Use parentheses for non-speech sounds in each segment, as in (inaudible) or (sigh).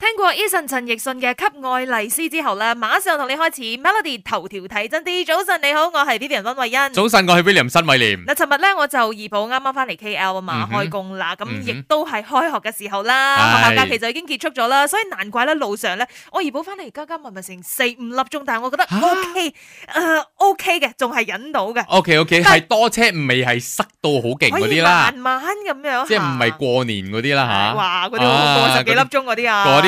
聽過 Eason 陳奕迅嘅《給愛麗絲》之後啦，馬上同你開始 Melody 頭條睇真啲。早晨你好，我係 Vivian 溫慧欣。早晨，我係 William 申偉廉。嗱，尋日咧我就二寶啱啱翻嚟 K L 啊嘛，開工啦，咁亦都係開學嘅時候啦，學校假期就已經結束咗啦，所以難怪咧路上咧我二寶翻嚟加加埋埋成四五粒鐘，但係我覺得 O K，誒 O K 嘅，仲係忍到嘅。O K O K 係多車未係塞到好勁嗰啲啦。可以慢慢咁樣。即係唔係過年嗰啲啦吓。哇嗰啲好過十幾粒鐘嗰啲啊。嗰啲。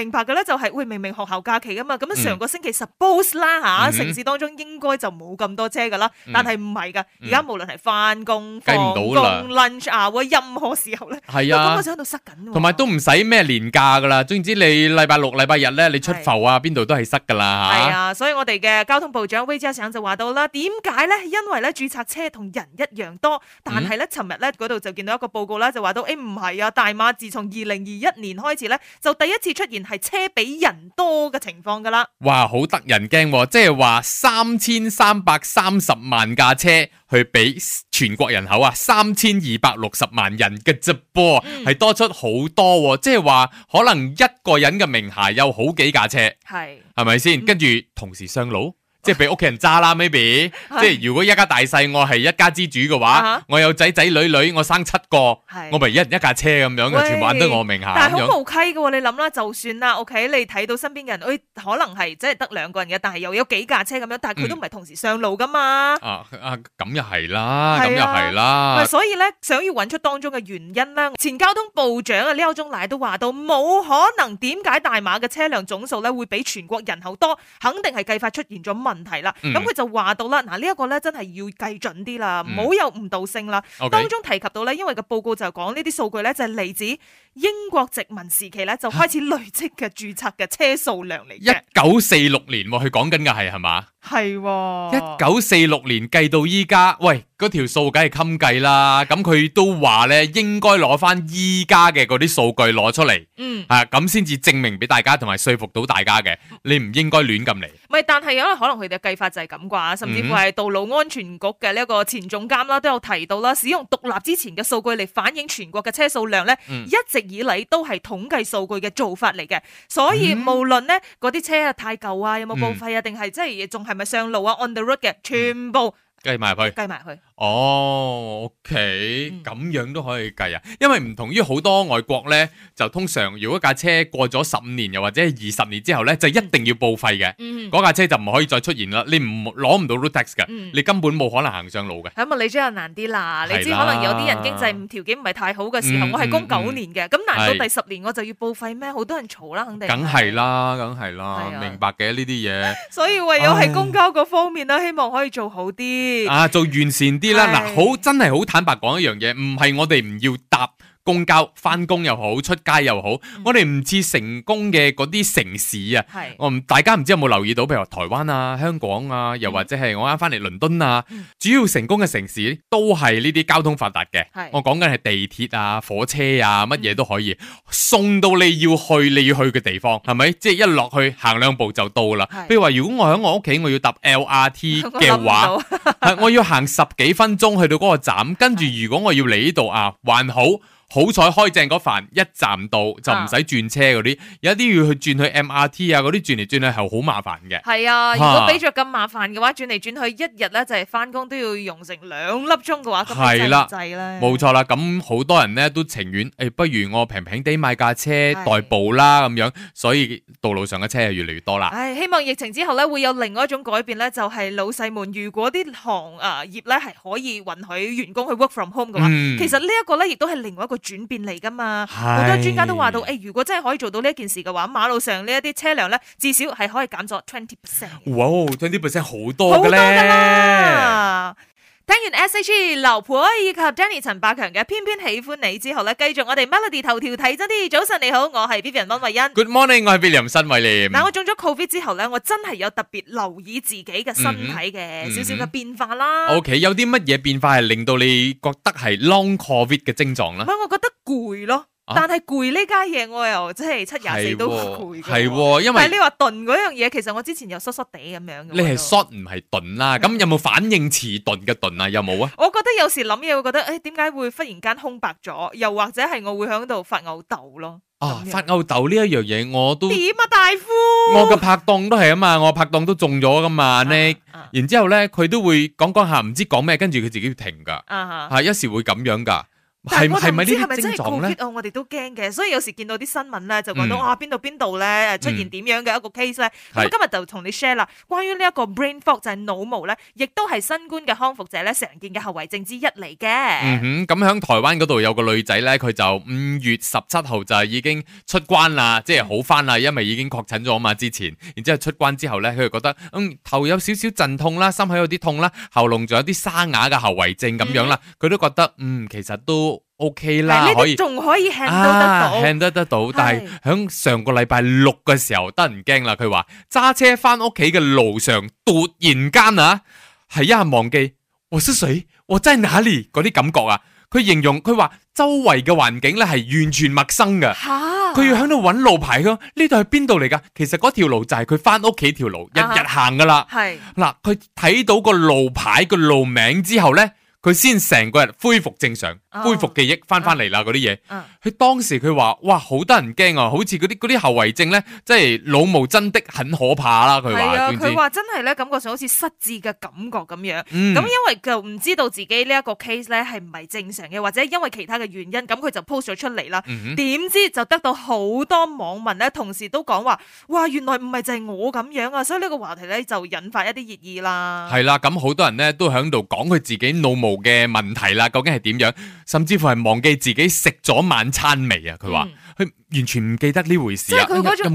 明白嘅咧，就係，喂，明明學校假期噶嘛，咁樣上個星期 suppose 啦嚇、嗯，城市當中應該就冇咁多車噶啦，嗯、但係唔係噶，而、嗯、家無論係翻工、放工、lunch hour，任何時候咧，係啊，嗰個時候喺度塞緊，同埋都唔使咩年假噶啦，總之，你禮拜六、禮拜日咧，你出埠啊，邊度、啊、都係塞噶啦嚇。係啊，啊，所以我哋嘅交通部長 Wee Chai San 就話到啦，點解咧？因為咧註冊車同人一樣多，但係咧，尋日咧嗰度就見到一個報告啦，就話到，哎，唔係啊，大馬自從二零二一年開始咧，就第一次出現。係車比人多嘅情況噶啦，哇，好得人驚！即係話三千三百三十萬架車去比全國人口啊三千二百六十萬人嘅啫噃，係、嗯、多出好多，即係話可能一個人嘅名下有好幾架車，係係咪先？跟、嗯、住同時上路。即係俾屋企人揸啦 (laughs) ，maybe，即係如果一家大細我係一家之主嘅話，uh-huh. 我有仔仔女女，我生七個，uh-huh. 我咪一人一架車咁樣，全部玩得我名下。但係好無稽嘅，你諗啦，就算啦，OK，你睇到身邊嘅人，誒、哎，可能係真係得兩個人嘅，但係又有幾架車咁樣，但係佢都唔係同時上路噶嘛。嗯、啊咁又係啦，咁又係啦。所以咧，想要揾出當中嘅原因啦，前交通部長啊廖中萊都話到冇可能，點解大馬嘅車輛總數咧會比全國人口多？肯定係計法出現咗。問題啦，咁、嗯、佢就話到啦，嗱、這、呢、個、一個咧真係要計準啲啦，唔、嗯、好有誤導性啦、嗯 okay。當中提及到咧，因為個報告就講呢啲數據咧就係嚟自英國殖民時期咧就開始累積嘅注冊嘅車數量嚟。一九四六年，佢講緊嘅係係嘛？係一九四六年計到依家，喂。嗰條數梗係襟計啦，咁佢都話咧應該攞翻依家嘅嗰啲數據攞出嚟，係啊，咁先至證明俾大家同埋説服到大家嘅，你唔應該亂咁嚟。唔係，但係因為可能佢哋嘅計法就係咁啩，甚至乎係道路安全局嘅呢個前總監啦，都有提到啦，使用獨立之前嘅數據嚟反映全國嘅車數量咧，一直以嚟都係統計數據嘅做法嚟嘅，所以無論咧嗰啲車啊太舊啊有冇報廢啊，定係即係仲係咪上路啊 on the road 嘅全部。計埋入去，計埋去。哦，OK，咁樣都可以計啊，因為唔同於好多外國咧，就通常如果架車過咗十五年，又或者二十年之後咧，就一定要報廢嘅。嗯，嗰架車就唔可以再出現啦。你唔攞，唔到 road tax 噶，你根本冇可能行上路嘅。咁啊，你真係難啲啦。你知可能有啲人經濟唔條件唔係太好嘅時候，我係供九年嘅，咁難到第十年我就要報廢咩？好多人嘈啦，肯定。梗係啦，梗係啦，明白嘅呢啲嘢。所以唯有喺公交嗰方面啦，希望可以做好啲。啊，做完善啲啦，嗱、啊，好真係好坦白講一樣嘢，唔係我哋唔要答。公交翻工又好，出街又好，嗯、我哋唔似成功嘅嗰啲城市啊。係，我唔大家唔知有冇留意到，譬如話台灣啊、香港啊，又或者係我啱翻嚟倫敦啊、嗯，主要成功嘅城市都係呢啲交通發達嘅。我講緊係地鐵啊、火車啊，乜嘢都可以、嗯、送到你要去你要去嘅地方，係咪？即係一落去行兩步就到啦。譬如話，如果我喺我屋企，我要搭 LRT 嘅話，我要行十幾分鐘去到嗰個站，跟住如果我要嚟呢度啊，還好。好彩開正嗰範一站到就唔使轉車嗰啲，啊，有啲要去轉去 MRT 啊，嗰啲轉嚟轉去係好麻煩嘅。係啊，啊，如果比着咁麻煩嘅話，轉嚟轉去一日咧就係翻工都要用成兩粒鐘嘅話，咁係唔濟啦。冇錯啦，咁好多人咧都情願，誒、哎，不如我平平地買架車代步啦咁樣，所以道路上嘅車係越嚟越多啦。唉、哎，希望疫情之後咧會有另外一種改變咧，就係、是、老細們如果啲行誒業咧係可以允許員工去 work from home 嘅話、嗯，其實呢一個咧亦都係另外一個。轉變嚟噶嘛，好多專家都話到，欸，如果真係可以做到呢一件事嘅話，馬路上呢一啲車輛咧，至少係可以減咗 twenty percent。哇，twenty percent 好多㗎咧。聽完 S H G 劉培以及 Jenny 陳百強嘅偏偏喜歡你之後咧，繼續我哋 Melody 頭條睇真啲。早晨你好，我係 Vivian 溫慧欣。Good morning，我係 William 新偉廉。嗱，我中咗 Covid 之後咧，我真係有特別留意自己嘅身體嘅，mm-hmm. 少少嘅變化啦。O，okay，K，有啲乜嘢變化係令到你覺得係 long Covid 嘅症狀咧？唔係，我覺得攰咯。啊、但係攰呢家嘢，我又真係七廿四都攰。係喎、哦哦，因為但你話鈍嗰樣嘢，其實我之前又 short short 地咁樣。你係 short 唔係鈍啦？咁、嗯、有冇反應遲鈍嘅鈍啊？有冇啊？我覺得有時諗嘢會覺得，誒、哎，點解會忽然間空白咗？又或者係我會響度發吽斗咯？啊，就是、發吽斗呢一樣嘢，我都點啊，大夫！我嘅拍檔都係啊嘛，我拍檔都中咗噶嘛、啊。你，啊、然之後咧，佢都會講講下，唔知講咩，跟住佢自己停噶。啊係、啊、一時會咁樣噶。但係我就唔知係咪真係過激，我哋都驚嘅，所以有時見到啲新聞咧，就講到哇邊度邊度咧出現點樣嘅一個 case 咧。咁、嗯、今日就同你 share 啦，關於呢一個 brain fog 就係腦霧咧，亦都係新冠嘅康復者咧常見嘅後遺症之一嚟嘅。嗯哼，咁喺台灣嗰度有個女仔咧，佢就五月十七號就係已經出關啦，即係好翻啦，因為已經確診咗嘛之前。然之後出關之後咧，佢就覺得嗯頭有少少陣痛啦，心口有啲痛啦，喉嚨仲有啲沙啞嘅後遺症咁、嗯、樣啦，佢都覺得嗯其實都。O K 啦，可以仲可以 handle 得到，handle 得到。但係喺上個禮拜六嘅時候，得人驚啦。佢話揸車翻屋企嘅路上，突然間啊，係一下忘記我失水，我真係哪裏？嗰啲感覺啊，佢形容佢話周圍嘅環境咧係完全陌生嘅。吓！佢要喺度揾路牌，佢話呢度係邊度嚟噶？其實嗰條路就係佢翻屋企條路，日日行噶啦。係嗱，佢睇到個路牌個路名之後咧，佢先成個人恢復正常。恢復記憶翻翻嚟啦嗰啲嘢，佢、嗯嗯、當時佢話哇好多人驚啊，好似嗰啲嗰啲後遺症呢，即係腦霧真的很可怕啦。佢話係啊，佢話真係呢感覺上好似失智嘅感覺咁樣。咁、嗯、因為佢就唔知道自己呢一個 case 呢係唔係正常嘅，或者因為其他嘅原因，咁佢就 post 咗出嚟啦。點、嗯、知就得到好多網民呢同時都講話哇原來唔係就係我咁樣啊，所以呢個話題呢就引發一啲熱議啦。係啦、啊，咁好多人呢都喺度講佢自己腦霧嘅問題啦，究竟係點樣？甚至乎係忘記自己食咗晚餐未啊？佢話佢完全唔記得呢回事啊！咁啊！吓、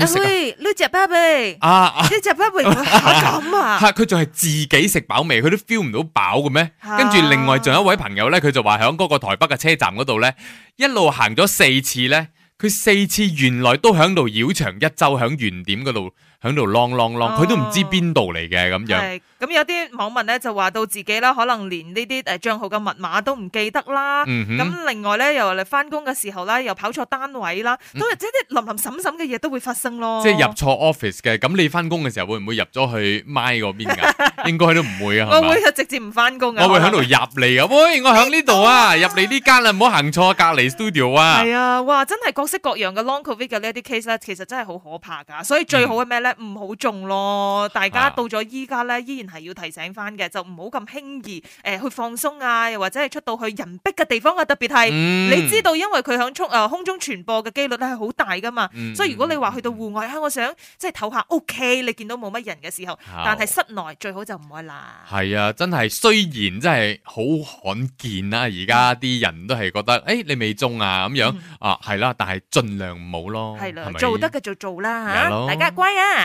啊，佢仲係自己食飽未？佢都 feel 唔到飽嘅咩？跟住另外仲有一位朋友咧，佢就話響嗰個台北嘅車站嗰度咧，一路行咗四次咧，佢四次原來都響度繞場一周，響原點嗰度。喺度啷啷啷，佢、哦、都唔知邊度嚟嘅咁樣。咁有啲網民咧就話到自己啦，可能連呢啲誒賬號嘅密碼都唔記得啦。咁、嗯、另外咧又嚟翻工嘅時候咧又跑錯單位啦、嗯，都係即啲林林沈沈嘅嘢都會發生咯。即係入錯 office 嘅，咁你翻工嘅時候會唔會入咗去 my 嗰邊噶？ (laughs) 應該佢都唔會啊， (laughs) 係嘛？我會直接唔翻工啊！我會喺度入嚟 (laughs) 啊！喂，我喺呢度啊，入嚟呢間啊，唔好行錯隔籬 studio 啊！係啊，哇，真係各式各樣嘅 Long COVID 嘅呢啲 case 咧，其實真係好可怕噶。所以最好嘅咩咧？嗯唔好中咯！大家到咗依家咧，依然係要提醒返嘅，就唔好咁輕易誒、呃、去放鬆啊，又或者係出到去人逼嘅地方啊。特別係你知道，因為佢響空啊空中傳播嘅機率咧係好大㗎嘛、嗯，所以如果你話去到戶外啊、嗯，我想即係唞下，OK，你見到冇乜人嘅時候，但係室內最好就唔好啦。係啊，真係雖然真係好罕見啦、啊，而家啲人都係覺得誒、欸、你未中啊咁樣、嗯、啊，係啦、啊，但係盡量唔好咯。係啦、啊，做得嘅就做啦吓，大家乖啊！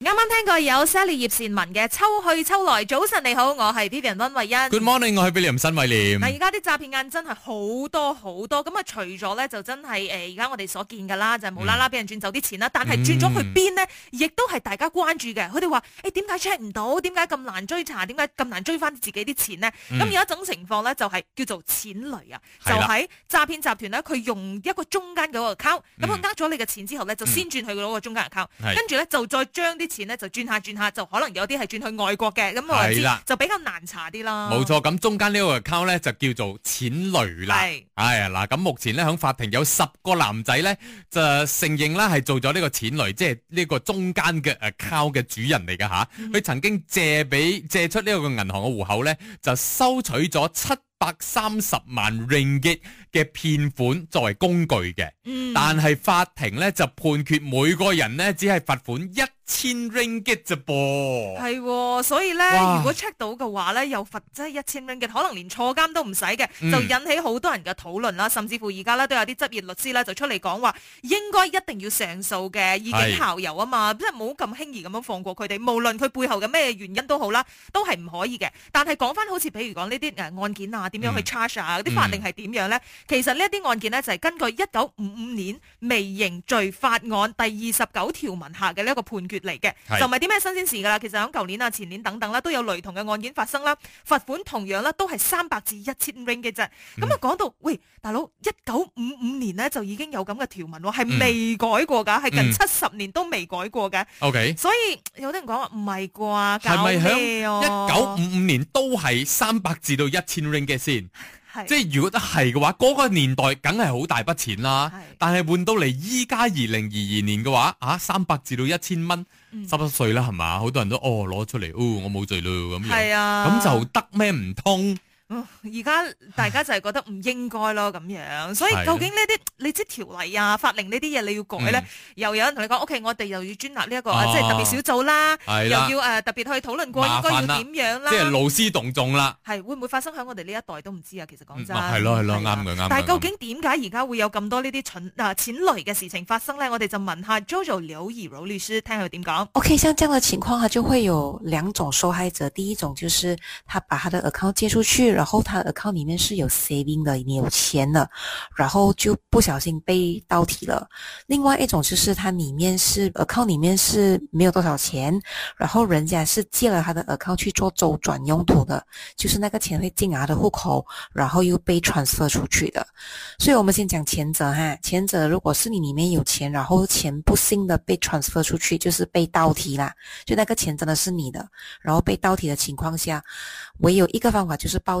啱啱 (noise) 聽過有 Sally 葉倩文嘅秋去秋來，早晨你好，我係 Vivian 溫慧欣。Good morning，我係 Billy 林新偉廉。而家啲詐騙案真係好多好多，咁、嗯、啊除咗咧就真係誒而家我哋所見噶啦，就係無啦啦俾人轉走啲錢啦，但係轉咗去邊呢？亦都係大家關注嘅。佢哋話誒點解 check 唔到？點解咁難追查？點解咁難追翻自己啲錢呢？咁、嗯嗯、有一種情況咧，就係叫做錢雷啊，就喺詐騙集團咧，佢用一個中間嗰個 account，咁佢呃咗你嘅錢之後咧，就先轉去嗰個中間人 account，跟住咧就再將啲。錢咧就轉下轉下，就可能有啲係轉去外國嘅，咁我知就比較難查啲啦。冇錯，咁中間呢個 account 咧就叫做錢雷啦。係，哎呀嗱，咁目前咧響法庭有十個男仔咧就承認啦，係做咗呢個錢雷，即係呢個中間嘅 account 嘅主人嚟噶吓。佢、嗯、曾經借俾借出呢個銀行嘅戶口咧，就收取咗七百三十萬令吉嘅騙款作為工具嘅。嗯，但係法庭咧就判決每個人咧只係罰款一。千 ringgit 嘅啫噃，係，所以咧，如果 check 到嘅話咧，又罰即係一千 ringgit 嘅，可能連坐監都唔使嘅，就引起好多人嘅討論啦。甚至乎而家咧都有啲執業律師咧就出嚟講話，應該一定要上訴嘅，以儆效尤啊嘛，即係冇咁輕易咁樣放過佢哋，無論佢背後嘅咩原因都好啦，都係唔可以嘅。但係講翻好似，比如講呢啲誒案件啊，點樣去 charge 啊，啲、嗯、法定係點樣咧、嗯？其實呢一啲案件咧就係根據一九五五年《微刑罪法案》第二十九條文下嘅呢一個判決。嚟嘅，就唔係啲咩新鮮事噶啦。其實響舊年啊、前年等等啦，都有雷同嘅案件發生啦。罰款同樣啦，都係三百至一千 ring 嘅啫。咁啊講到，喂，大佬，一九五五年咧就已經有咁嘅條文，係未改過噶，係近七十年都未改過嘅。OK，所以有啲人講話唔係啩？係咪一九五五年都係三百至到一千 ring 嘅先？是啊、即係如果都係嘅話，嗰、嗰個年代梗係好大筆錢啦。是啊、但係換到嚟依家二零二二年嘅話，啊三百至到一千蚊，濕濕碎啦係嘛？好、嗯、多人都哦攞出嚟，哦，攞出嚟哦我冇罪咯咁樣，咁、啊、就得咩唔通？而家大家就係覺得唔應該咯，咁樣，所以究竟呢啲你即條例啊、法令，呢啲嘢，你要改咧、嗯，又有人同你講，OK，我哋又要專立呢、這、一個、哦、即係特別小組啦，又要誒、呃、特別去討論過應該要點樣啦，即係勞師動眾啦。係會唔會發生喺我哋呢一代都唔知啊？其實講真，係咯係咯，啱嘅啱。但係究竟點解而家會有咁多呢啲蠢嗱潛、啊、雷嘅事情發生咧？我哋就問下 JoJo 柳怡老律師聽佢點講。OK，像這樣嘅情況，下，就會有兩種受害者，第一種就是他把他的 a c c o account 借出去。然後他 account 裏面是有 saving 的，你有錢的，然後就不小心被盜提了。另外一種就是它裏面是 account 裏面是沒有多少錢，然後人家是借了他的 account 去做周轉用途的，就是那個錢會進他的戶口，然後又被 transfer 出去的。所以我們先講前者哈，前者如果是你裏面有錢，然後錢不幸的被 transfer 出去，就是被盜提啦，就那個錢真的是你的，然後被盜提的情況下，唯有一個方法就是報。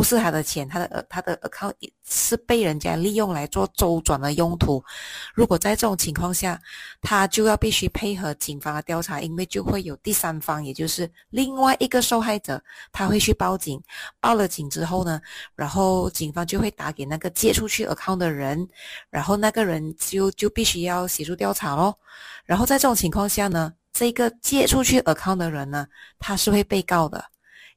不是他的錢，他的呃，他的 account 是被人家利用來做周轉的用途。如果在這種情況下，他就要必須配合警方的調查，因為就會有第三方，也就是另外一個受害者，他會去報警。報了警之後呢，然後警方就會打給那個借出去 account 的人，然後那個人就就必須要協助調查咯。然後在這種情況下呢，這個借出去 account 的人呢，他是會被告的。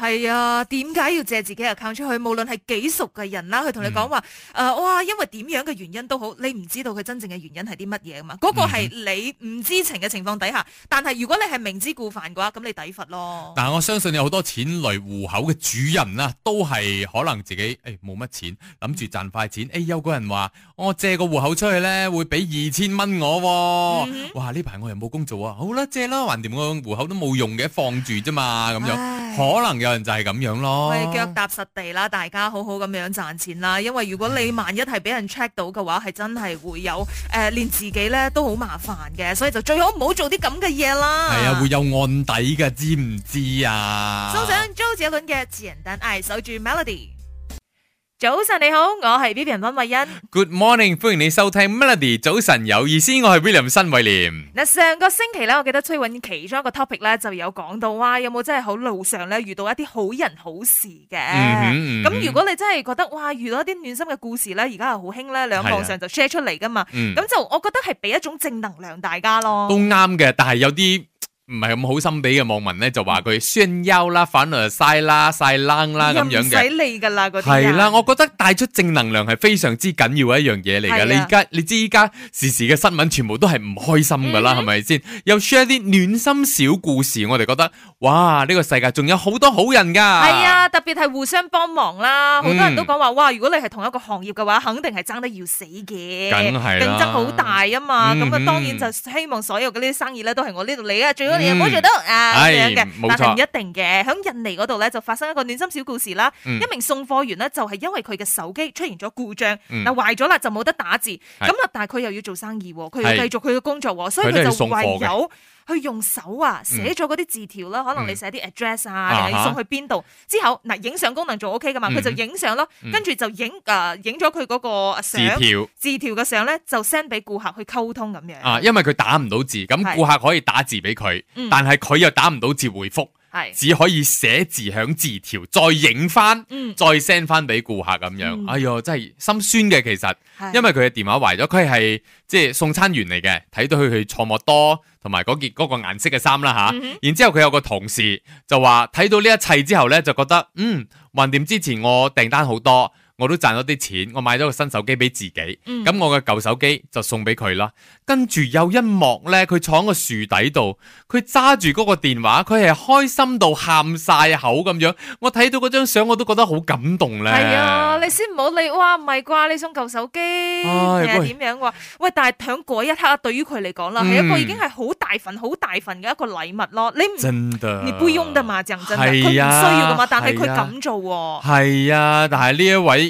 係啊，點解要借自己個戶口出去？無論係幾熟嘅人啦，佢同你講話，誒、嗯呃，哇，因為點樣嘅原因都好，你唔知道佢真正嘅原因係啲乜嘢嘛？嗰、那個係你唔知情嘅情況底下，嗯、但係如果你係明知故犯嘅話，咁你抵罰咯。但係我相信有好多錢類戶口嘅主人啊，都係可能自己誒冇乜錢，諗住賺快錢。誒、嗯哎，有個人話我借個戶口出去咧，會俾二千蚊我、啊嗯，哇！呢排我又冇工做啊，好啦，借啦，橫掂個戶口都冇用嘅，放住啫嘛，咁樣可能有。 (noise) 就係、是、咁樣咯，腳踏實地啦，大家好好咁樣賺錢啦。因為如果你萬一係俾人 check 到嘅話，係真係會有誒、呃，連自己咧都好麻煩嘅，所以就最好唔好做啲咁嘅嘢啦。係啊，會有案底㗎，知唔知啊？收聲，周杰倫嘅《自然淡愛》守住 Melody。早晨你好，我係 Vivian 溫慧欣。Good morning，歡迎你收聽 Melody。早晨有意思，我係 William 新偉廉。嗱，上個星期咧，我記得崔韻其中一個 topic 咧，就有講到哇，有冇真係好路上咧遇到一啲好人好事嘅？咁、嗯嗯、如果你真係覺得哇，遇到一啲暖心嘅故事咧，而家係好興咧，兩網上就 share 出嚟噶嘛。咁就我覺得係俾一種正能量大家咯。都啱嘅，但係有啲。唔係咁好心俾嘅網民咧，就話佢宣優啦，反而就晒啦晒冷啦咁樣嘅。唔使理噶啦，嗰啲係啦、啊。我覺得帶出正能量係非常之緊要嘅一樣嘢嚟噶。你而家你知依家時事嘅新聞全部都係唔開心噶啦，係咪先？又 share 啲暖心小故事，我哋覺得哇，呢、這個世界仲有好多好人噶。係啊，特別係互相幫忙啦。好多人都講話、嗯、哇，如果你係同一個行業嘅話，肯定係爭得要死嘅。梗係競爭好大啊嘛。咁、嗯、啊、嗯，當然就希望所有嘅呢啲生意咧，都係我呢度嚟啊。最我哋都啊樣嘅，但係唔一定嘅。喺印尼嗰度咧，就發生一個暖心小故事啦、嗯。一名送貨員咧，就係因為佢嘅手機出現咗故障，嗱壞咗啦，就冇得打字。咁啊，但係佢又要做生意，佢要繼續佢嘅工作，所以佢就唯有。佢用手啊寫咗嗰啲字條啦、嗯，可能你寫啲 address 啊，嗯、你送去邊度、啊？之後嗱，影相功能仲 OK 噶嘛？佢、嗯、就影、嗯啊、相咯，跟住就影影咗佢嗰個字條字條嘅相咧，就 send 俾顧客去溝通咁樣。啊，因為佢打唔到字，咁顧客可以打字俾佢，但係佢又打唔到字回覆只可以寫字響字條，再影翻、嗯，再 send 翻俾顧客咁樣。嗯、哎喲，真係心酸嘅其實，因為佢嘅電話壞咗，佢係即係送餐員嚟嘅，睇到佢去錯莫多同埋嗰件嗰個顏、嗰個、色嘅衫啦吓。然之後佢有個同事就話睇到呢一切之後呢，就覺得嗯，橫掂之前我訂單好多。我都賺咗啲錢，我買咗個新手機俾自己，咁、嗯、我嘅舊手機就送俾佢啦。跟住有一幕呢，佢坐喺個樹底度，佢揸住嗰個電話，佢係開心到喊晒口咁樣。我睇到嗰張相，我都覺得好感動咧。係啊，你先唔好理，哇，唔係啩？你送舊手機，點、哎、樣嘅、哎、喂，喂，但係響嗰一刻，對於佢嚟講啦，係、嗯、一個已經係好大份、好大份嘅一個禮物咯。你真的，你擁的的、啊、不用得嘛？正真，佢唔需要嘅嘛，但係佢咁做。係啊，但係呢一位。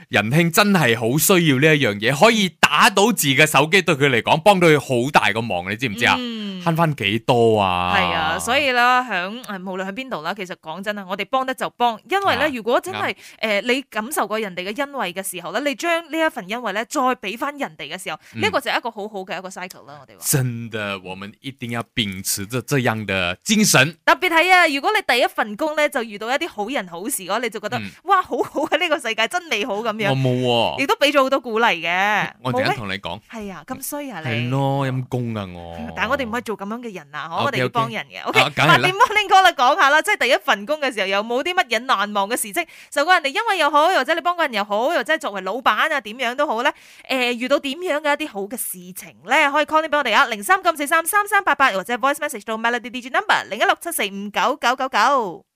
仁兄真係好需要呢一樣嘢，可以打到字嘅手機對佢嚟講幫到佢好大個忙，你知唔知啊？慳翻幾多啊？係啊，所以啦，響誒無論喺邊度啦，其實講真係我哋幫得就幫，因為咧、啊，如果真係誒、啊呃、你感受過人哋嘅恩惠嘅時候咧，你將呢一份恩惠咧再俾翻人哋嘅時候，呢、嗯這個就係一個好好嘅一個 cycle 啦。我哋話真嘅，我們一定要秉持着這樣的精神。特別係啊，如果你第一份工咧就遇到一啲好人好事嘅話，你就覺得、嗯、哇好好啊，呢、這個世界真美好咁。我冇喎，亦都俾咗好多鼓勵嘅。我第一同你講，係啊，咁衰啊你。係咯，陰功啊我。但係我哋唔可以做咁樣嘅人啊，okay, okay, 我哋要幫人嘅。OK，八、okay, 啊、點 Morning 哥，你講下啦，即係第一份工嘅時候，又冇啲乜嘢難忘嘅事情受過人哋因為又好，又或者你幫過人又好，又或者係作為老板啊，點樣都好咧。誒、呃，遇到點樣嘅一啲好嘅事情咧，可以 call 俾我哋啊，零三九四三三三八八，或者 voice message 到 melody DJ number 零一六七四五九九九九。